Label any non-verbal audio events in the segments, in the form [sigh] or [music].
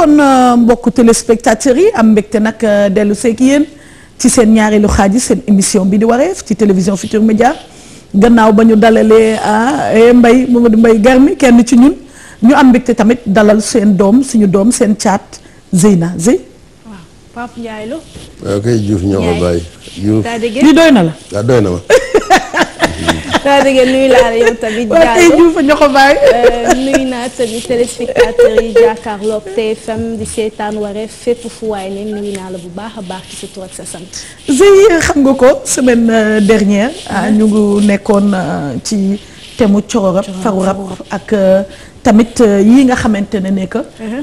kon euh, mbokku téléspectateurs yi am mbégte nag euh, dellu seek yéen ci seen ñaareelu xaaj yi seen émission bi di wareef ci télévision Futur Média gannaaw ba ñu dalalee a euh, eh, Mbaye Mamadou Mbaye Garmi kenn ci ñun ñu am mbégte tamit dalal seen doom suñu doom seen caat Zeyna Zey. waaw Pape la. waaw kay Diouf ñoo ko bàyyi. li doy na la. waaw doy na ma. [laughs] daal di ngeen nuyu la yow tamit. waaw tey Diouf ñoxo baay. Euh, nuyu naa tamit téléspectateurs yi jàkkaarloog TFM di seetaan Wareef fépp fu waay ne nuyu naa la bu baax a baax ci sa tur ak sa sant. Zey xam nga ko semaine euh, dernière. Euh, mhm. ñu ngi nekkoon ci temu coro rap faru rap ak. tamit yii nga xamante ne nekk mhm.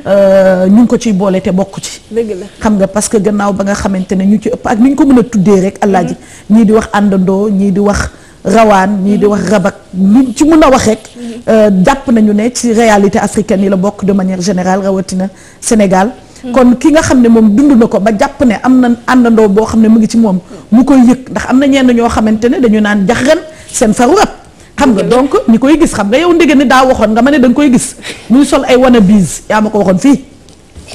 ñu ngi ko ciy boole te bokk ci. dëgg la xam nga parce que gannaaw ba nga xamante ne ñu ci ëpp ak ni ñu ko mën a tuddee rek. alaaji mhm. ñii di wax àndandoo ñii di wax. rawaan ñii di wax rabak luñ ci mun a wax rek mm-hmm. euh, jàpp nañu ne ci réalité africaine yi la bokk de manière générale rawatina Sénégal mm-hmm. kon ki nga xam ne moom dund na ko ba jàpp ne am na àndandoo boo xam ne mu ngi ci moom mm-hmm. mu koy yëg ndax am na ñenn ñoo xamante ne dañu naan jaxran seen faru rab xam nga donc ñi koy gis xam nga yow ndege ni daa waxoon nga ma ne da nga koy gis muy sol ay wana biis yaa ma ko waxoon fii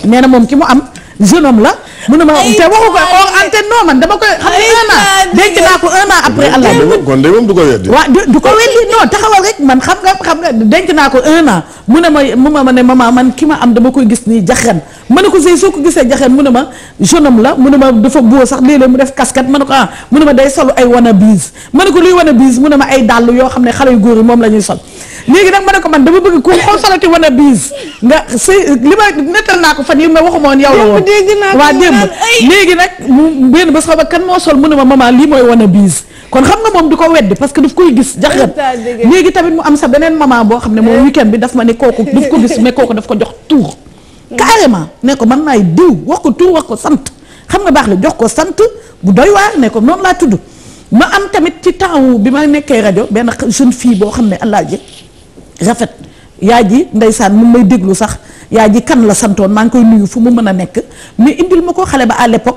nee na moom ki mu am jeune homme la. mu ne ma te waxu ko or antenne non man dama koy. xam ne un denc naa ko un an après. allah kon de moom du ko weddi. waaw du ko weddi non taxawal rek man xam nga xam nga denc naa ko un an mu ne ma mu ma ne ma man ki ma am dama koy gis nii jaxan ma ne ko sëy soo ko gisee jaxeen mu ne ma jeune homme la mu ne ma dafa boo mu def casquette ma ne ko ah, ma day solu wana biis ma ne ko luy wana biis mu ne ay dàll yoo xam ne xale góor moom la ñuy sol léegi nag ma ne ko man dama bëgg ku xool solati wana biis nga sëy li ma nettal ma waxuma woon yow la woon waa démb léegi moo sol mu ne lii mooy wana biis kon xam nga moom du ko weddi parce que daf koy gis jaxat léegi tamit mu am sa beneen maman boo xam ne moom eh. weekend bi daf ma ne kooku daf ko gis mais kooku daf ko jox tuur carrément ne ko man maay diw wax ko tur wax ko sant xam nga baax la jox ko sant bu doy waar ne ko noonu laa tudd ma am tamit ci temps bi ma nekkee rajo benn jeune fii boo xam ne allah ji rafet yaa ji ndeysaan mu may déglu sax yaa ji kan la santoon maa ngi koy nuyu fu mu mën a nekk mais indil ma ko xale ba à l'époque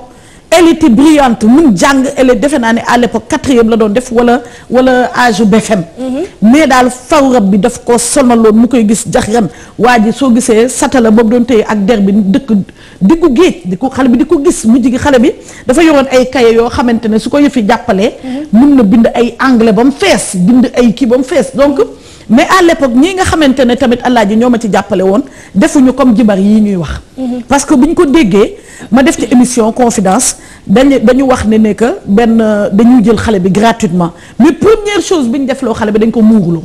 elle était brillante mun jàng elle defe naa ne à l'époque quatrième la doon def wala wala âge BFM mhm. mais daal fawrab bi daf ko sonaloon mu koy gis jax ren waa ji soo gisee satala boobu doon téye ak der bi dëkk diggu géej di ko xale bi di ko gis mujj gi xale bi dafa yoroon ay kaye yoo xamante ne su ko yëfi jàppalee mhm. mun na bind ay anglais ba mu fees bind ay kii ba mu fees donc mais à l'époque ñii nga xamante ne tamit alaaji ñoo ma ci jàppale woon defuñu comme jibar yi ñuy wax. Mhm. parce que bu ñu ko déggee ma def ci émission confidence dañu dañu wax ne ne que benn dañuy jël xale bi gratuitement mais première chose bi ñu def loo xale bi dañ ko muurloo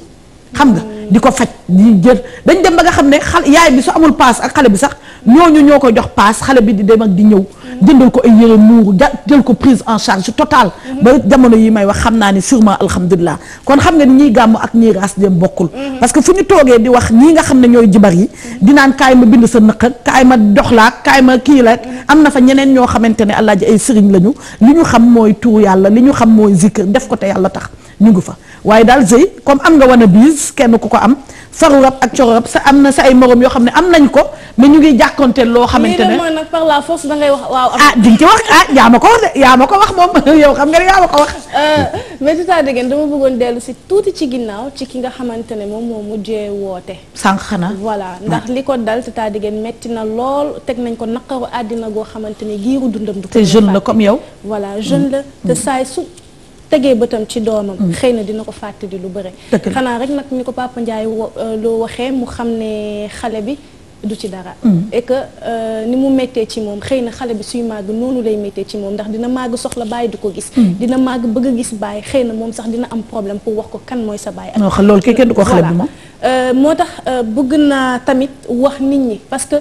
xam nga. di ko faj di jël dañ dem ba nga xam ne xal yaay bi su amul paas ak xale bi sax ñooñu ñoo ko jox paas xale bi di dem ak di ñëw mm. jëndal ko ay yére nuuru jël ko prise en charge total mm-hmm. ba jamono yi may wax xam naa ni sûrement alhamdulilah kon xam nga ni ñiy gàmm ak ñiy raas dem bokkul mm-hmm. parce que fu ñu toogee di wax ñi nga xam ne ñooy jibar yi mm-hmm. dinaan kaay ma bind sa nëq kaay ma doxlaak kaay ma kii la am na fa ñeneen ñoo xamante ne alaaji ay sëriñ lañu li ñu xam mooy tuur yàlla li ñu xam mooy zikr def ko te yàlla tax ñu ngi fa waaye daal sëy comme am nga wan a biis kenn ku ko am faru rab ak coro rab sa am na sa ay morom yoo xam ne am nañ ko mais ñu ngi jàkkonteel loo xamante ne mooy nag par la force da wax waaw ah di nga wax ah yaa ma ko wax de yaa ma ko wax moom [laughs] yow xam nga ne yaa ma ko wax euh, mais tuta dégg dama bëggoon dellu si tuuti ci ginnaaw ci ki nga xamante ne moom moo mujjee woote sànq xanaa voilà hmm. ndax li ko dal tuta dégg metti na lool teg nañ ko naqaru àddina goo xamante ne giiru dundam du jeune la comme yow voilà jeune hmm. la tegee bëtam ci doomam mm. xëy na dina ko fàttali lu bëre xanaa rek nag ñu ko Papa Ndiaye euh, loo waxee mu xam ne xale bi du ci dara mm. et que euh, ni mu méttee ci moom xëy na xale bi suy màgg noonu lay méttee ci moom ndax dina màgg soxla bàyyi du ko gis mm. dina màgg bëgg a gis baay xëy na moom sax dina am problème pour wax ko kan mooy sa baay ak loolu kay kenn du ko xale bi moom moo tax euh, bëgg naa tamit wax nit ñi parce que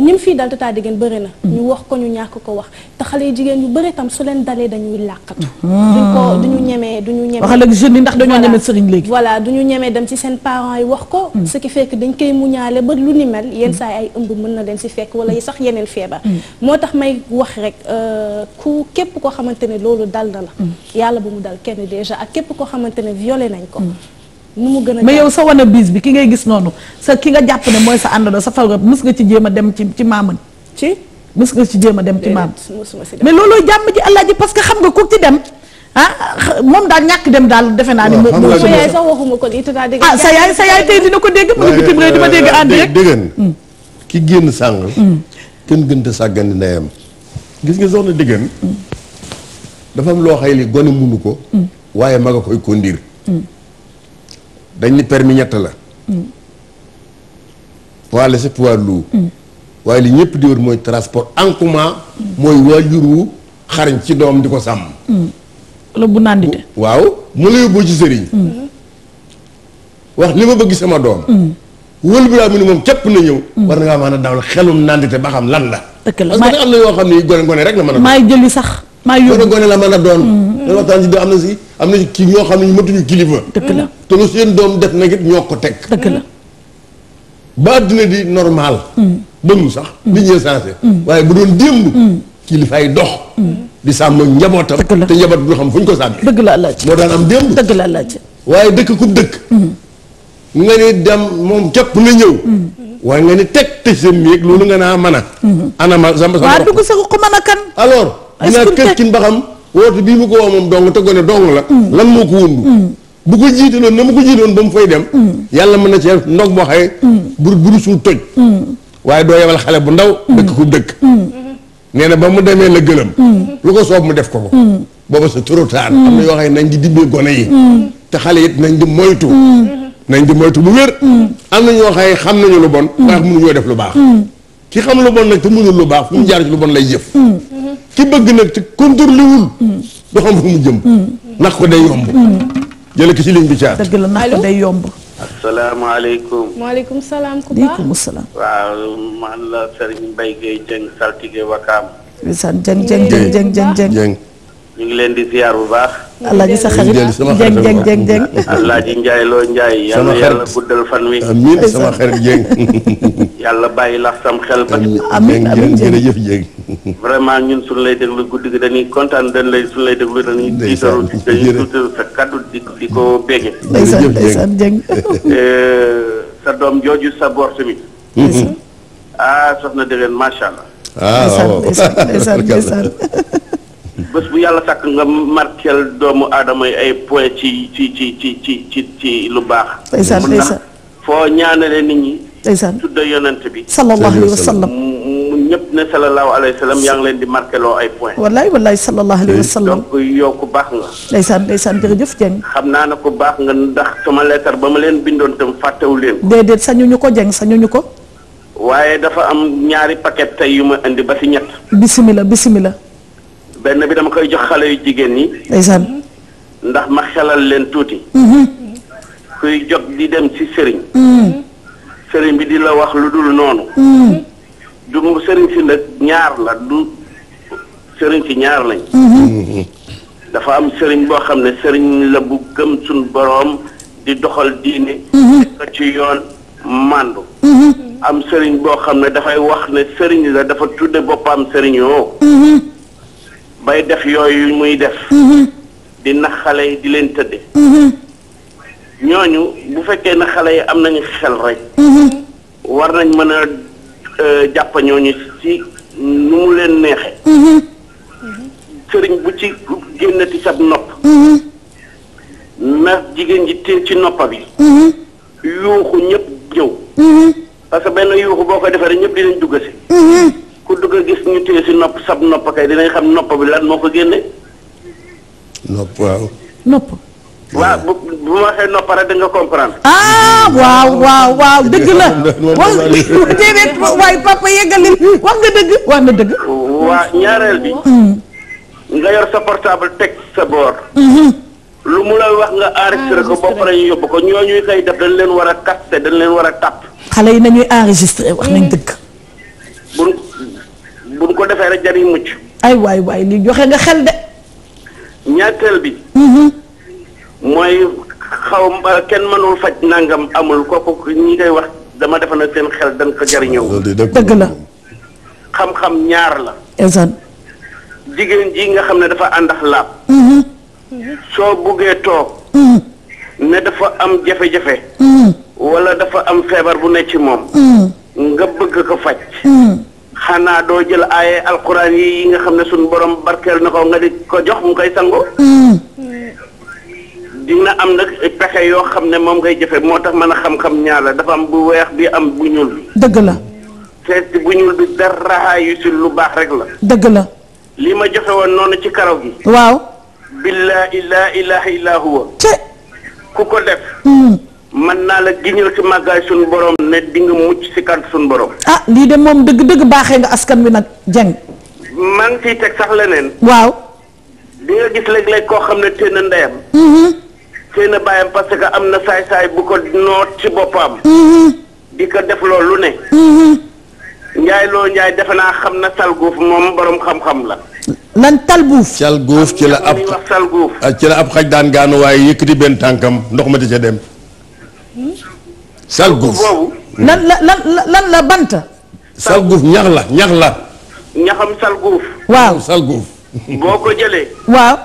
ñim fii dal tataa diggéen bëri na ñu wax ko ñu ñàkk ko wax te xale yi jigéen yu bëri tam su leen dalee dañuy làqatu ah. duñ ko duñu ñemee duñu ñemee waxal ak jeunes yi ndax dañoo ñemee sëriñ léegi voilà duñu ñemee dem ci seen parent yi wax ko mm. ce ki fekk dañ koy muñaale ba lu ni mel yenn saa ay ëmb mën na leen si fekk wala sax yeneen feebar mm. moo tax may wax rek euh, ku képp koo xamante ne loolu dal na la mm. yàlla bu mu dal kenn déjà ak képp koo xamante ne violé nañ ko nu mu gën a yow sa a bis bi ki ngay gis noonu sa ki nga jàpp ne mooy sa àndandoo sa fal nga mës nga ci jéem a dem ci ci maamën ci mës nga ci jéem a dem ci mais loolooy jàmm ji allah ji parce que xam nga ku ci dem ah moom daal ñàkk dem daal defe naa ni moo sa kon it sa sa yaay ko dégg mu ngi bitim réew di ma dégg ànd rek déggan hmm. ki génn sàng hmm. kenn gënta sàggandi ndeyam gis nga soxna déggan hmm. dafa am loo xay li gone munu ko waaye mag a koy kondir dañ ni permis ñett la poids léger poids lourd waaye li ñëpp di wër mooy transport en commun mm. mooy waajur wu xarañ ci doom di ko sàmm mm. wala bu nàndite waaw mu la yóbboo ci sëriñ mm. wax li ma bëgg sama doom wël bu daa mu ni moom képp na ñëw war na ngaa mën a dawal xelum nàndite ba xam lan la parce que am na yoo xam ne gone gone rek la mën a maay jëli sax maa yóbbu gone la mën a doon dañ waxtaan si am na si am na kii ñoo xam ne ñu mëtuñu kilifa dëgg la te seen doom def nag it ñoo ko teg dëgg la ba adduna di normal mm. bëggu sax mm. nit ñee sensé mm. waaye bu doon démb ay dox di sàmm njabootam te njaboot du xam fu ñu ko sàmmee dëgg la laaj moo daan am démb dëgg la laaj waaye dëkk ku dëkk nga ni dem moom képp na ñëw waaye nga ni teg tëj sa néeg loolu nga naa mën a anama sama sama waa dugg sax ko mën a kan alors ñaa kër kin ba xam woote bii mu ko woo moom dong te gone dong la hmm. lan moo ko wundu hmm. bu ko jiitaloon na mu ko jiitaloon ba mu fay dem hmm. yàlla mën na ci ndog boo xaye bu buru suul toj waaye doo yebal xale bu ndaw dëkk ko dëkk nee na ba mu demee la gëlëm lu ko soob mu def ko ko booba c'est trop tard am na yoo xam nañ di dimbee gone yi te xale it nañ di moytu nañ di moytu mu wér am na ñoo xaye xam nañu lu bon waaye mënuñoo def lu baax ki xam l bon nag te mënul lu baax fu mu jaar lay jëf ki bëgg nag te contrôlewul mm. du xam fu mu mm. ko day yomb mm. jële si ci ligne bi caat dëgg la nax ko day yomb asalaamaaleykum maaleykum salaam ku baax maaleykum salaam waaw man la Serigne Mbaye Gueye Dieng saltige Wakaam ndeysaan Dieng Dieng Dieng Dieng Dieng Dieng Dieng ñu ngi leen di ziar bu baax alaaji sa xarit Dieng Dieng Dieng Dieng alaaji Njaay loo Njaay yàlla yàlla guddal fan wi amiin sama xarit Dieng [laughs] yàlla bàyyi la sam xel. ba amiin amiin jërëjëf jéeg vraiment ñun suñu lay déglu guddi gi dañuy kontaan dañ lay suñu lay déglu dañuy. ndeysaan dañuy tuutal sa kaddu di di ko bége. [laughs] Eh, sa doom jooju sa bor tamit. ah soxna Degene macha allah. ah oh. [laughs] bés bu yàlla sàkk nga markel doomu aadama yi ay point ci ci ci ci ci ci ci lu baax. foo ñaanale nit ñi. ndeysaan tudda yonent bi. sallallahu alayhi wa sallam mu ñëpp ne sallallahu alayhi wa yaa ngi leen di marqué loo ay point wallaay wallaay sallallahu alayhi wa sallam. donc yow ku baax nga. ndeysaan ndeysaan jërëjëf Dieng. xam naa ne ku baax nga ndax sama lettre ba ma leen bindoon tam fàttewu leen. déedéet sañuñu ko Dieng sañuñu ko. waaye dafa am ñaari paquet tey yu ma indi ba si ñett. bisimilah bisimilah. benn bi dama koy jox xale yu jigéen ñi. ndeysaan. ndax ma xelal leen tuuti. Mhm. kuy jog di dem ci sëriñ. Mhm. sëriñ bi di la wax lu dul noonu. Hmm. du sëriñ si nag ñaar la du sëriñ si ñaar lañ. Hmm. dafa am sëriñ boo xam ne sëriñ la bu gëm suñ boroom di doxal diine. Hmm. ko ci yoon màndu. am sëriñ boo xam ne dafay wax ne sëriñ la dafa tudde boppam sëriñoo. bay def yooyu muy def. di nax xale yi di leen tëdd ñooñu bu fekkee na xale yi am nañu xel rek. Mhm. war nañ mën a euh, jàpp ñooñu ci nu mu leen neexe mhm. sëriñ bu ci génnati sab nopp. Mhm. na jigéen ji téye ci noppa bi. yuuxu ñëpp jëw. parce que benn yuuxu boo ko defee rek ñëpp dinañ dugg si. ku dugg gis ñu téye si nopp sab nopp kay dinañ xam nopp bi lan moo ko génne. nopp waaw. waaw bu bu ma waxee noppare ah, waaw waaw dëgg la. [laughs] wax déedéet [laughs] waaye papa yeggali wax nga dëgg. wax na dëgg. waa ñaareel bi. Hmm. nga yor sa portable teg sa boor. Hmm. lu mu la wax nga enregistré ko ba pare ñu yóbbu ko ñooñu koy def dañ leen war a capté dañ leen war a tàpp. xale yi nañuy enregistré wax nañ dëgg. bu buñ ko defee rek jariñ mucc. ay waay waay li joxe nga xel de. ñaareel bi. Hmm. mooy xaw kenn mënul faj nangam amul kooku ñi koy wax dama defa na seen xel dañ ko jariñoo dëgg la xam-xam ñaar la ndeysaan jigéen nga xam ne dafa ànd ak laab mm-hmm. soo buggee toog mm-hmm. ne dafa am jafe-jafe mm-hmm. wala dafa am feebar bu ne ci moom nga bëgg ko faj xanaa doo jël aaye alquran yi yi nga xam ne suñu borom barkeel na ko nga di ko jox mu koy sango dina am nag pexe yoo xam ne moom ngay jëfe moo tax mën a xam-xam ñaar la dafa am bu weex bi am bu ñuul dëgg la te bu ñuul bi dara yu si lu baax rek la dëgg la li ma joxe woon noonu ci karaw gi waaw billaahi laa ilaaha illaa huwa ku ko def hmm. mën naa la giñal ci màggaay suñu borom ne di nga mucc si kant suñu borom ah lii de moom dëgg dëgg baaxee nga askan bi nag jeng maa ngi ciy teg sax leneen waaw di nga gis léeg-léeg koo xam ne téen ndeyam mm-hmm. xëy na bàyyam parce que am na saay-saay bu ko noot ci boppam. Mm-hmm. di ko mm-hmm. loo Njaay defe xam na salguuf moom borom la. lan talguuf. salguuf ci la ab ci la ab xaj daan gaanu waaye di benn tànkam ndox ma di ca dem. Hmm? boobu. lan la bant. salguuf ñax la ñax la. ñaxam salguuf. waaw salguuf. boo ko jëlee. waaw.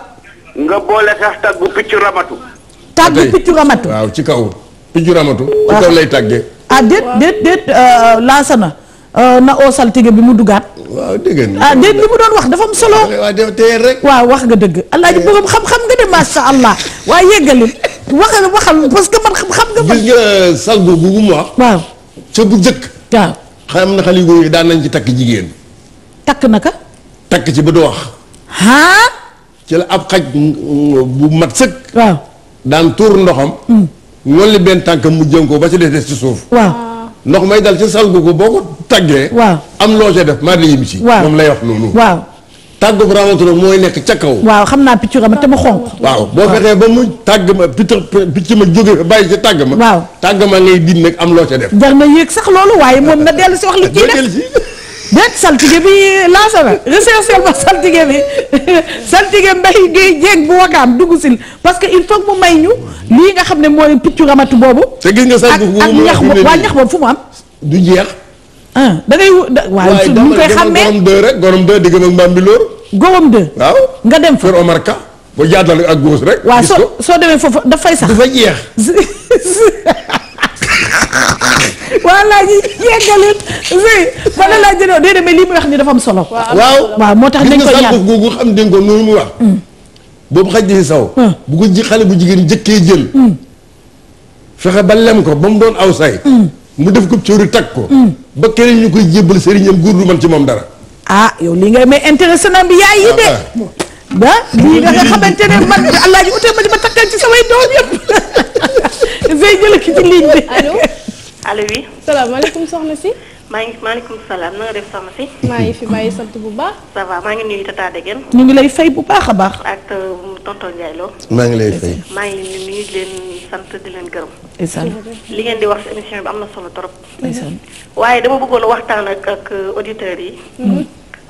nga boole sax tag bu picc ramatu. tàgg piccu ramatu waaw ci kaw piccu ramatu ci kaw lay tàggee ah déet déet déet euh, laasana euh, na oo saltige bi mu duggaat waaw dégg ah déet li mu doon wax dafa am solo waaw wax nga dëgg alaaji borom xam-xam nga de masha allah waaye yeggalil waxal waxal parce que man xam-xam nga man gis nga bu mu wax waaw ca bu jëkk waaw xam na xale yi daan nañ ci takk jigéen takk naka takk ci ba du wax haa ci la ab xaj bu mat sëkk daan tuur ndoxam. ñolli mm. benn tànkam mu jëm ko ba ci dee des ci suuf. waaw ndox may dal ci salgu ko boo ko tàggee. waaw am loo ca def maa ngi ci. waaw moom lay wax noonu. waaw tàggu bu raamatu nag mooy nekk ca kaw. waaw xam naa picc ma te ma xonq. waaw boo fexee ba mu tàgg ma picc picc ma jóge bàyyi ci tàgg ma. waaw tàgg ma ngay din nag am loo ca def. jar na yéeg sax loolu waaye moom na dellu si wax lu ciy def déet saltige bi lancé na recherché ma saltige bi saltige mbay géey jéeg bu wakaam dugg sil parce que il faut mu may ñu lii nga xam ne mooy piccu ramatu boobu. te gis nga saltige ak ñax boobu waa ñax boobu fu mu am. du jeex. ah da ngay waaw su a mbaam bi lóor. gorom nga dem fa Kër Omar ak góos rek. waa soo soo demee foofu dafay sax. dafa jeex. [laughs] wala ñu yeggali oui wala laa jëndoo lii muy wax ni dafa am solo. waaw moo tax ni ko ñaan gis googu xam dañ ko noonu mu wax. Hmm. boobu xaj di saw. Hmm. bu ko ji xale bu jigéen jëkkee jël. Hmm. fexe ba lem ko ba mu doon aw say. mu def ko cóori tag ko. ba keneen ñu koy jébbal sëriñam góor du man ci moom dara. ah yow lii ngay mais intéressé na bi yaay yi de. Ah, ah. ba lii nga xamante ne man Alaaji utee ma di ma takkal ci samay doom yëpp. Zey [laughs] jël ki ci ligne bi allo oui. salaamaaleykum soxna si. [laughs] maa ngi maaleykum salaam na def soxna si. maa ngi fi bàyyi sant bu baax. ça va maa ngi nuyu Tata Degen. ñu ngi lay fay bu baax a baax. ak euh, tonton Ndiaye maa ngi lay fay. maa ngi nuyu di leen sant di leen gërëm. ndeysaan li ngeen di wax si émission bi am na solo trop. waaye dama bëggoon waxtaan ak ak euh, auditeurs yi. Mm-hmm.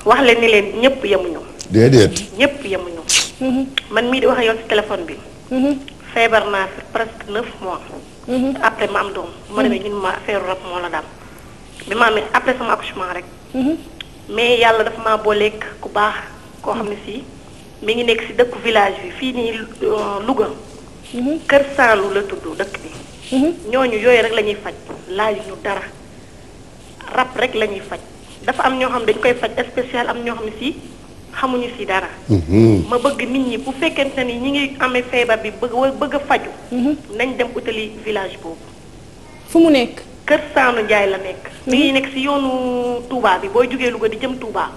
wax leen ni leen ñëpp yemuñu. déedéet ñëpp yemuñu. Mm-hmm. man mii di wax yoon yow si téléphone bi. Mm-hmm. feebar naa fi presque neuf mois. Mm-hmm. après ma doom. bu ma demee mm-hmm. ñun ma affaire rab moo la daal bi ma après sama accouchement rek. Mm-hmm. mais yàlla dafa maa booleeg ku baax koo xam ne sii mu ngi nekk si dëkku village yi fii nii euh, Louga. Kër Saalum la tudd dëkk bi. ñooñu yooyu rek lañuy ñuy faj laaju ñu dara rab rek lañuy ñuy faj dafa am ñoo xam dañ koy faj spécial am ñoo xam ne sii. xamuñu si dara. Mm-hmm. ma bëgg nit ñi bu fekkente ni ñi ngi amee feebar bi bëgg bëgg a faju mm-hmm. nañ dem utali village boobu. fu mu nekk. Kër Saanu njaay la nekk. Mm-hmm. mi ngi nekk ci yoonu Touba bi booy jugee Louga di jëm Touba.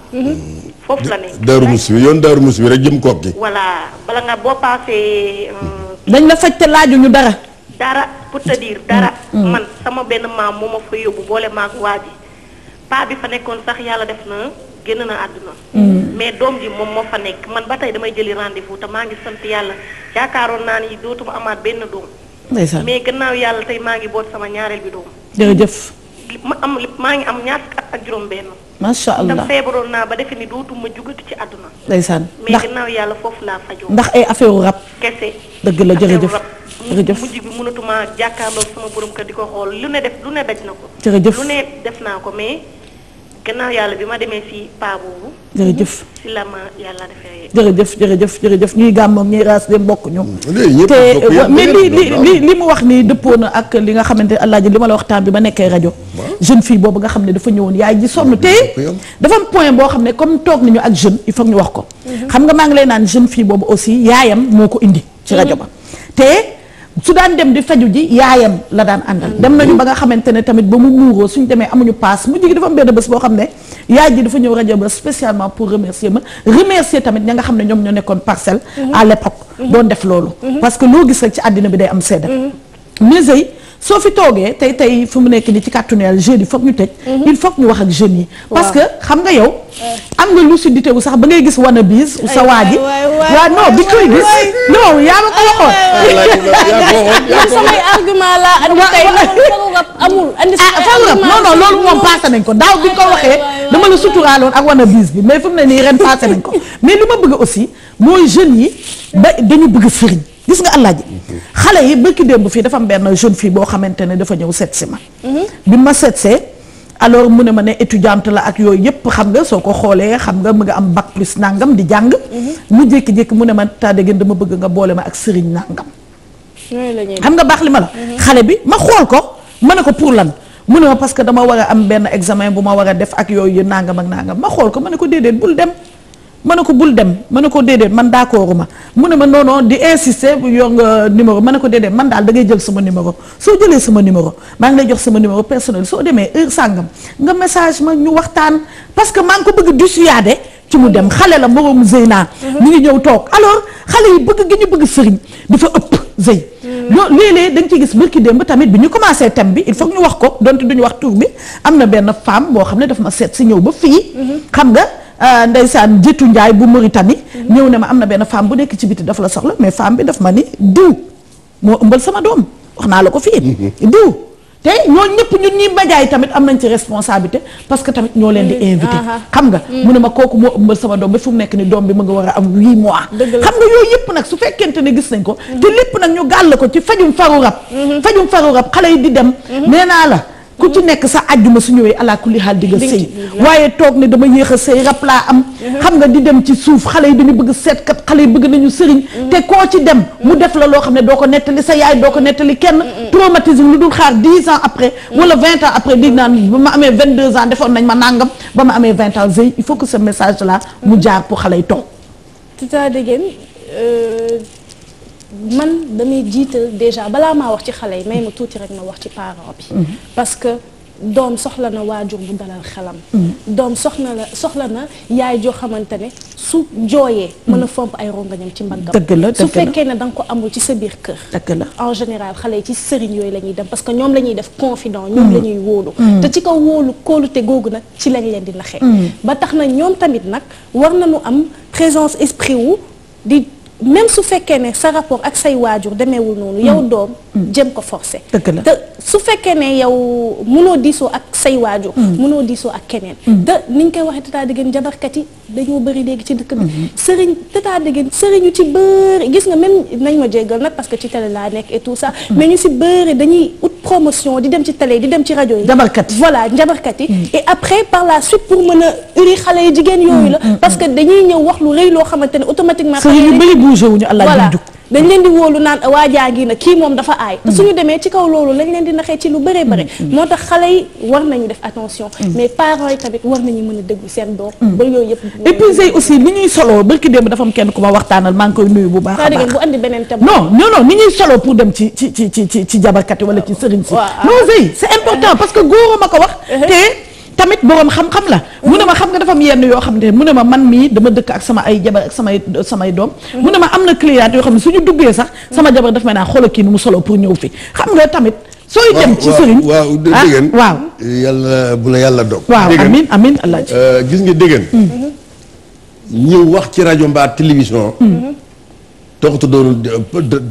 foofu la nekk Daaru Musi bi yoon Daaru Musi bi rek jëm koog gi. voilà bala nga boo paasee. Euh, dañ la faj te laajuñu dara. dara pour te dire dara. man sama benn maam moo ma fa yóbbu boole maag waa ji paa bi fa nekkoon sax yàlla def na génn na àdduna. mais doom bi moom moo fa nekk man ba tey damay jëli rendez-vous te maa ngi sant yàlla yaakaaroon naa ni dootuma amaat benn doom. ndeysaan mais gannaaw yàlla tey maa ngi boot sama ñaareel bi doom. jërëjëf. ma am maa ngi am ñaar ak juróom macha allah feebaroon naa ba defe ni dootuma jugati ci àdduna. ndeysaan ndax mais gannaaw yàlla foofu laa fajoo. ndax ay affaire rab. kese dëgg la jërëjëf jërëjëf mujj bi mënatuma jàkkaarloo sama borom kër di ko xool lu ne def lu ne daj na ko. jërëjëf lu ne def naa ko mais. gannaaw yàlla bi ma demee si paa boobu. jërëjëf si la ma yàlla defee. jërëjëf jërëjëf jërëjëf ñuy gàmmoom ñuy raas dem bokk ñu. Mm, te mais li li li mu wax nii dëppoo ak li nga xamante ne Alaaji li ma la wax bi ma nekkee rajo. jeune fii boobu nga xam ne dafa ñëwoon yaay ji sonn te mm-hmm. dafa am point boo xam ne comme toog nañu ak jeune il faut ñu wax ko. Mm-hmm. xam nga maa ngi lay naan jeune fii boobu aussi yaayam moo ko indi. ci rajo ba mm-hmm. te. su daan dem di faju ji yaayam la daan àndal dem nañu ba nga xamante ne tamit ba mu muuroo suñ demee amuñu paas mu jigi dafa am benn bés boo xam ne yaay ji dafa ñëw rajo ba spécialement pour remercier ma remercier tamit ña nga xam ne ñoom ñoo nekkoon parcelle à l'époque mm-hmm. doon def loolu mm-hmm. parce que loo gis rek ci àddina bi day am sedda mm-hmm. soo fi toogee tey tey fu mu nekk ni ci kàttanu yàlla jeunes yi foog ñu tëj mhm. il faut ñu wax ak jeunes yi parce que xam nga yow am nga lucidité wu sax ba ngay gis wana biis sa waa ji waaw non bi koy ma la andi tey amul andi ah non non loolu moom passé nañ ko daaw bi nga ko waxee dama la suturaaloon ak wana bi mais fu mu ne nii ren passé nañ ko mais lu ma bëgg aussi mooy jeunes yi ba dañu bëgg sëriñ gis nga àllaaji xale yi bëkki démb fii dafa am benn jeune fii boo xamante ne dafa ñëw seet si ma bi ma seetsee alors mu ne ma ne étudiante la ak yooyu yëpp xam nga soo ko xoolee xam nga mu am bac nangam di jàng mhm. mu jékki-jékki mu ne ma taadégéen dama bëgg nga boole ma ak sëriñ nangam xam nga baax li ma la mhm. xale bi ma xool ko ma ne ko pour lan mu ne ma parce que dama war a am benn examen bu ma war a def ak yooyu yë nangam ak nangam ma xool ko ma ne ko déedéet bul dem ma ne ko bul dem ma ne ko déedéet man d'accordu ma mu ne ma non non di insister yor nga numéro ma ne ko dee déedéet man daal da ngay jël sama numéro soo jëlee sama numéro maa ngi lay jox sama numéro personnel soo demee heure sàngam nga message ma ñu waxtaan parce que maa ngi ko bëgg dissuader ci mu dem xale la moroom Zeyna ñu mm-hmm. ngi ñëw toog alors xale yi bëgg gi ñu bëgg sëriñ dafa ëpp Zey. Mm-hmm. loolu léeg-léeg da nga ciy gis bërki démb tamit bi ñu commencé thème bi il faut ñu wax ko donte duñu wax tur bi am na benn femme boo xam ne daf ma seet si ñëw ba fii mm-hmm. xam nga Euh, ndeysaan jiitu Njaay bu Mauritanie mhm. ñëw ne ma am na benn femme bu nekk ci biti dafa la soxla mais femme bi daf ma ni diw moo ëmbal sama doom wax naa la ko fii mhm. diw te ñooñu ñëpp ñun ñi majaay tamit am nañ ci responsabilité parce que tamit ñoo leen di mhm. invité xam nga mu ne ma kooku moo ëmbal sama doom ba fu mu nekk ni doom bi mu nga war a am huit mois xam nga yooyu yëpp nag su fekkente ne gis nañ ko te lépp nag ñu gàll ko ci fajum faru rab fajum faru rab xale yi di dem nee naa la ku ci nekk sa àjjuma su ñëwee ala kulli xaal di nga waaye toog ne dama yéex a sëy rap laa am uh-huh. xam nga di dem ci suuf xale yi dañu bëgg seetkat xale yi bëgg nañu sëriñ uh-huh. te koo ci dem mu def la loo xam ne doo ko nettali sa yaay doo ko nettali kenn uh-huh. traumatisme lu dul xaar dix ans après wala vingt ans après di ba ma amee vingt deux ans defoon nañ ma nàngam ba ma amee vingt ans sëy il faut que ce message là mu jaar pour xale yi toog man damay jiital déjà balaa maa wax ci xale yi may ma tuuti rek ma wax ci parent bi mhm. parce que doom soxla na waajur bu dalal xelam mhm. doom soxla na soxla na yaay joo xamante ne su jooyee mhm. mën a fomp ay rongañam ci mbaggam dëgg la su fekkee na da ko amul ci sa biir kër dëgg la en général xale yi ci sëriñ yooyu la ñuy dem parce que ñoom la ñuy def confident ñoom la ñuy wóolu te ci kaw wóolu te googu nag ci lañ leen di naxee ba tax na ñoom tamit nag war na nañu am présence esprit même su fekkee ne sa rapport ak say waajur demeewul noonu. yow mm. doom mm. jëm ko forcer. dëgg la te su fekkee ne yow munoo diisoo ak say waajur. Mm. munoo diisoo ak keneen. te niñ koy waxee tata dëggeen jabarkat yi dañoo bëri léegi ci dëkk bi. Mm-hmm. sëriñ te taa sëriñ yu ci bëri gis nga même nañ ma jéggal nag parce que ci télé laa nekk et tout ça. ñu si bëri dañuy ut promotion di dem ci télé di dem ci rajo yi. njabarkat yi voilà njabarkat yi. Mm. et après par la suite pour mën a uri xale yi jigéen yooyu la. Mm, mm, parce que dañuy ñëw wax lu rëy loo xamante ne automatiquement. xale yi ñu bëri bougé wu ñu allah dañ leen di wóolu naan waa jaa ngi na kii moom dafa aay te mm. suñu demee ci kaw loolu lañ leen di naxee ci lu bëree bëri mm. Mm. moo tax xale yi war nañu def attention mais parents yi tamit war nañu mën a déglu seen doom ba yooyu yëpp ni ñuy soloo bërki démb dafa kenn ku ma waxtaanal maa ngi koy nuyu bu baax a baax bu andi beneen tam non non non ni ñuy soloo pour dem ci ci ci ci ci ci jabarkat yi ci sëriñ si non c'est important parce que góor ma ko tamit boroom xam la mu ne ma xam nga dafa am yenn yoo xam ne mu ne ma man mii dama dëkk ak ay jabar ak samay samay doom mu ne ma am na client yoo xam ne suñu duggee sax sama jabar daf may naa xoolal kii mu solo pour ñëw fi xam nga tamit sooy dem ci sëriñ waaw ah, waaw yàlla bu yàlla dog waaw amin amin alaaj euh, gis nga déggeen hmm. wax ci rajo mbaa télévision doonu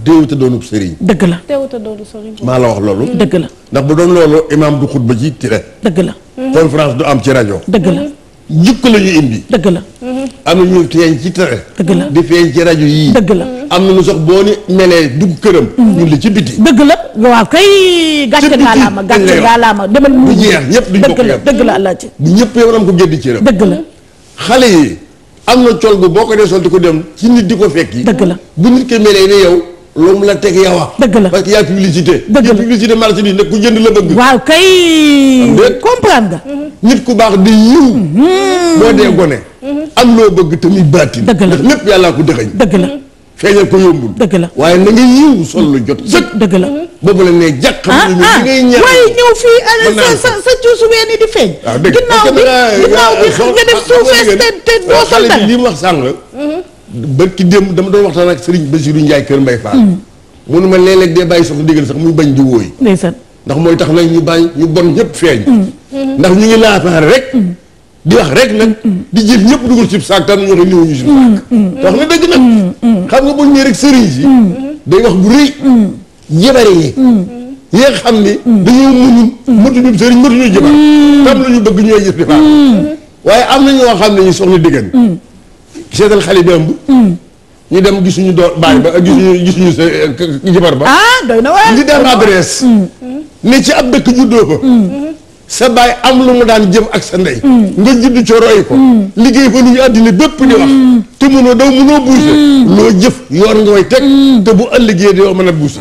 téewuta doonub sëriñ dëgg la téewuta doonu sëriñ maa la wax loolu dëgg la ndax bu doon loolu imaam du xutba ci tire dëgg la Mhm. conférence du am ci rajo. dëgg la mhm. jukk la ñu indi. dëgg la. Mhm. am na ñu feeñ ci tere. dëgg la di feeñ ci rajo yii. dëgg la am na mu sax boo ni melee dugg këram. ñu li ci biti. dëgg la waaw kay. gàcce gaalaama gàcce gaalaama demal mu. du jeex ñëpp duñ bokk yem dëgg la alaaji. bu ñëpp yow ko géddi cëram. dëgg la xale yi am na col gu boo ko dee sol di ko dem ci nit di ko fekki. dëgg la bu nit ko melee ne yow. loolu mu la teg yow a. dëgg la parce que yaay publicité. dëgg la publicité marché bi nag ku jënd la bëgg. waaw kay. comprendre nga. Mm-hmm. nit ku baax di yiw. Mm-hmm. boo dee gone. Mm-hmm. am loo bëgg te muy baatin. dëgg la lépp yàllaa ko dëxëñ. dëgg la feeñal ko yombul. dëgg la waaye na nga yiw sol la jot sëkk. dëgg la boobu la nee jàq. ah ah waaye ñëw fii sa sa sa cuusu ween yi di feeñ. Ah, ginnaaw bi ginnaaw bi eh, nga def ah, ah, suufee te te doo sol dara. xale bi li mu barki démb dama doon waxtaan ak Serigne Bassirou Ndiaye Kër Mbaye Fall. mënu mm. ma léeg-léeg dee bàyyi soxna ndigal sax muy bañ di wóoy. ndeysaan ndax mooy tax nañ ñu bañ ñu bon ñëpp feeñ. Mm. ndax ñu ngi laafaar rek. Mm. di wax rek nag. di jëf ñëpp dugal cib saak tan ñu wax ne ñu cib na xam nga bu ñu rek sëriñ si. day bu rëy. jabare yi. yi xam ni. dañoo mënul. mëtuñu sëriñ mëtuñu jabar. tam la ñu bëgg ñooy jëf di faam. waaye am na ñoo xam ne ñu soxna diggante. seetal xale bi ëmb. Hmm. ñu dem gisuñu doon baay ba hmm. gisuñu gisuñu sa eh, jabar ba. ah doy na waaye. li dem adresse. Hmm. ne ci ab dëkk juddoo fa. sa baay am lu mu daan jëm ak sa ndey. nga judd ci roy ko. liggéey fa lu ñu àddina bépp di wax. te mënoo daw mënoo buuse. loo jëf yoon nga koy teg. te bu ëllëgee doo mën a buuse.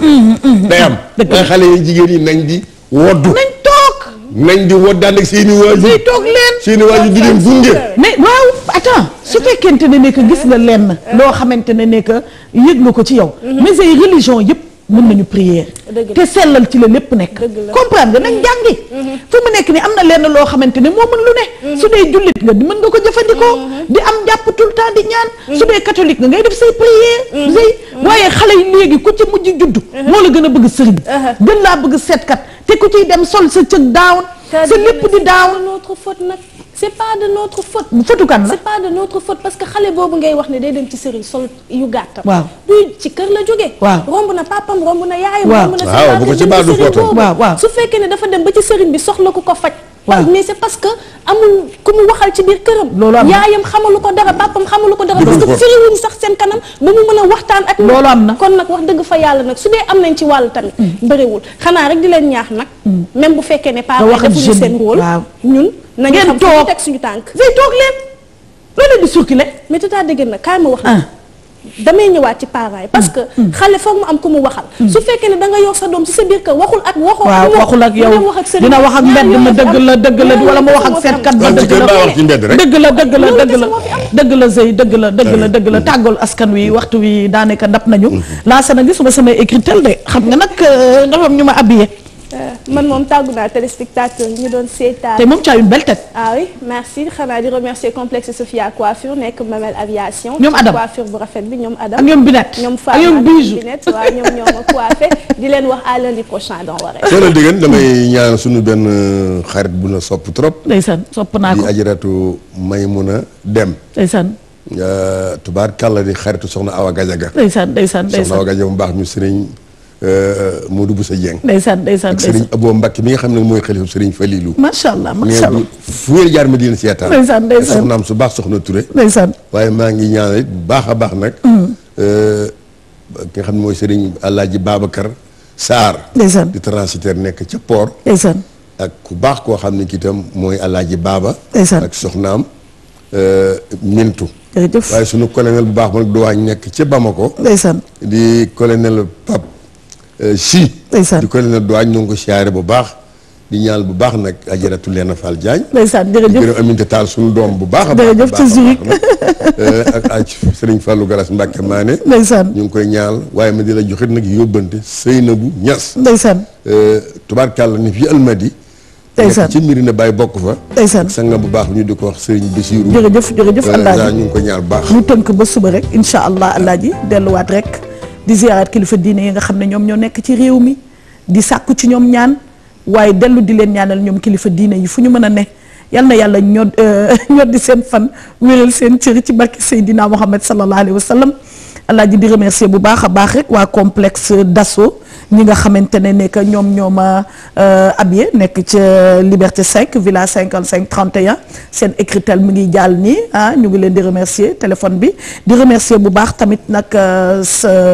day am waaye xale yi jigéen ñi nañ di woddu. nañ toog di woddaan ak seen i waajur. leen seen i attends su fekkente ne ne que gis nga lenn loo xamante ne ne que yëg nga ko ci yow mhm. mais ay religion yëpp mën nañu prière te sellal ci la lépp nekk comprendre nga nañ mhm. jàngi mhm. fu mu nekk ni am na lenn loo xamante ne moo mën lu ne su dee jullit nga di mën nga ko jëfandikoo di am jàpp tout le temps di ñaan su dee catholique nga ngay def say prière waaye xale yi léegi ku ci mujj judd moo la gën a bëgg sëriñ uh-huh. gën laa bëgg seetkat te ku ciy dem sol sa cëg down sa lépp di down c'est pas de notre faute. fautu kan la c'est pas de notre faute parce que xale boobu ngay wax ne day dem ci sëriñ sol yu gàttam. waaw du ci kër la jógee. waaw romb na papam romb na yaayam. romb na sa bu ko ci baadu waaw waaw su fekkee ne dafa dem ba ci sëriñ bi soxla ku ko faj. waaw mais c'est parce que amul ku mu waxal ci biir këram. loolu am na yaayam xamalu ko dara papam xamalu ko dara. parce que firiwuñ sax seen kanam ba mu mën a waxtaan ak. loolu na kon nag wax dëgg fa yàlla nag su dee am nañ ci wàll tamit. Mm. bëriwul xanaa rek di leen ñaax nag. Mm. même bu fekkee ne parents defuñu seen rôle ñun nañu xam fu ñu teg suñu tànk. ngeen toog ngeen toog leen. loolu di circulé. mais tout à dégg na kaay ma wax. damay ñëwaat ci parents yi parce que mm. Mm. xale foog mu am ku mu waxal mm. su fekkee ne da nga yor sa doom ci sa biir kër waxul ak waxoo waaw waxul ak yow dina wax ak mbedd ma dëgg la dëgg la wala mu wax ak seetkat ba dëgg la dëgg la dëgg la dëgg la dëgg la zëy dëgg la dëgg la dëgg la tàggool askan wi waxtu wi daanaka dab nañu mm-hmm. laasa na gisuma samay écritel de xam nga nag dafa euh, ñu ma habillé Euh, man moom tàggu naa téléspectateur ñu doon seetaan. te moom tu as une belle tête. ah oui merci xanaa di remercier complexe Sophia coiffure nekk Mamel aviation. ñoom Adam coiffure bi ñoom Adam. ak ñoom Binette ñoom Fama ñoo ma coiffé di leen wax à lundi prochain dans Wareef. soo leen damay ñaan suñu benn euh, xarit bu na sopp trop. ndeysaan sopp naa ko di ajaratu Maymuna Dem. ndeysaan. Euh, tubaar kàlla di xaritu soxna Awa Gajaga. ndeysaan ndeysaan ndeysaan soxna bu baax ñu sëriñ. Euh, Modou Boussa Dieng. ndeysaan ndeysaan ak Serigne Abou Mbacke mi nga xam ne mooy xalifa Serigne Falilou. macha allah macha allah fu wér jaar ma di leen seetaan. ndeysaan ndeysaan soxnaam su baax soxna Touré. ndeysaan waaye maa ngi ñaanal it bu baax a baax nag. Mm. Euh, ki nga xam ne mooy Serigne Alaaji Babacar Sarr. ndeysaan di transitaire nekk ca port. ndeysaan ak ku baax koo xam ne kii itam mooy Alaaji Baba. ndeysaan ak soxnaam euh, Mintu. jërëjëf waaye sunu colonel bu baax ma nag du waañ nekk ca Bamako. ndeysaan di colonel Pape Euh, si di ko leen a duwaañ ko siyaare bu baax di ñaan bu baax nag ajaratu Léna Fall Diagne ndeysaan jërëjëf gërëm Aminata suñu doom bu baax a baax jërëjëf ci Zurich euh, ak aj Serigne Fallou Galas Mbacke Mané ndeysaan ngi koy ñaal waaye ma di la joxit nag yóbbante Seynabou Niass ndeysaan euh, tubaarkàlla ni fi almadi ndeysaan ci mbiri na bàyyi bokk fa ndeysaan sanga bu baax ñu di ko wax Serigne Bassirou jërëjëf jërëjëf Alaaji ñu ngi ko ñaal bu baax ñu tënk ba suba rek incha allah Alaaji delluwaat rek di ziaraat kilifa diine yi nga xam ne ñoom ñoo nekk ci réew mi di sàkku ci ñoom ñaan waaye dellu di leen ñaanal ñoom kilifa diine yi fu ñu mën a ne yal na yàlla ñod [laughs] ñoddi seen fan wéral seen cër ci barke Seydina Muhammad sallallahu alayhi wa sallam alaaji di remercier bu baax a baax rek waa complexe d'assaut ñi nga xamante ne ne ñoom ñoo ma euh, habillé nekk ca Liberté 5 villa 55 31 seen écritel mu ngi jàll nii ah ñu ngi leen di remercier téléphone bi di remercier bu baax tamit nag euh,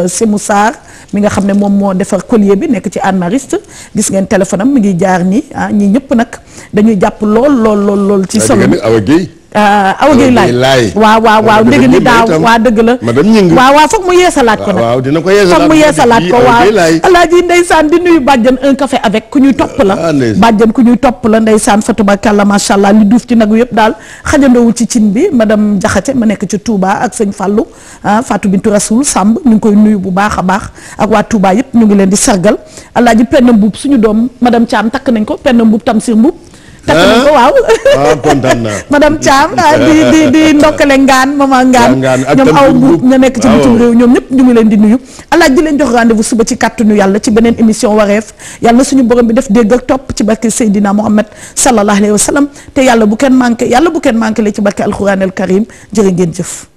Sémou Sarr mi nga xam ne moom moo defar collier bi nekk ci Anne Mariste gis ngeen téléphone am mu ngi jaar nii ah ñii ñëpp nag dañuy jàpp lool lool lool lool. ci solo Awa Awa Gueye Laye waaw waaw waaw dégg ni daaw waa dëgg la madame Ñing waaw waaw foog mu yeesalaat ko waaw dina ko yeesalaat foog mu yeesalaat ko waaw alaaji ndeysaan di nuyu bàjjan un café avec ku ñuy topp la ah, bàjjan ku ñuy topp la ndeysaan fatabakàlla macha allah li duuf ci nag yëpp daal xajandoowu ci cin bi ma madame Jaxate ma nekk ci Touba ak sëñ Fàllu ah, Fatou Bintou Rasoul Samb ñu ngi koy nuyu bu baax a baax ak waa Touba yëpp ñu ngi leen di sargal alaaji penn mbub suñu doom madame Thiam takk nañ ko penn mbuub Tamsir mbuub takk nañ ko waaw. waaw ah, kontaan naa. [laughs] madame Thiam ah, di di di [laughs] ndokkale Ngaan maman Ngaan. ñoom aw mbuut nga nekk ci bitim réew ñoom ñëpp ñu ngi leen di nuyu. alaaj di leen jox rendez-vous suba ci kàttanu yàlla ci beneen émission wareef yàlla suñu borom bi def dégg ak topp ci barke Seydina Mohamed sallallahu alayhi wa sallam te yàlla bu kenn manqué yàlla bu kenn manqué la ci barke alxuraanul karim jërë ngeen jëf.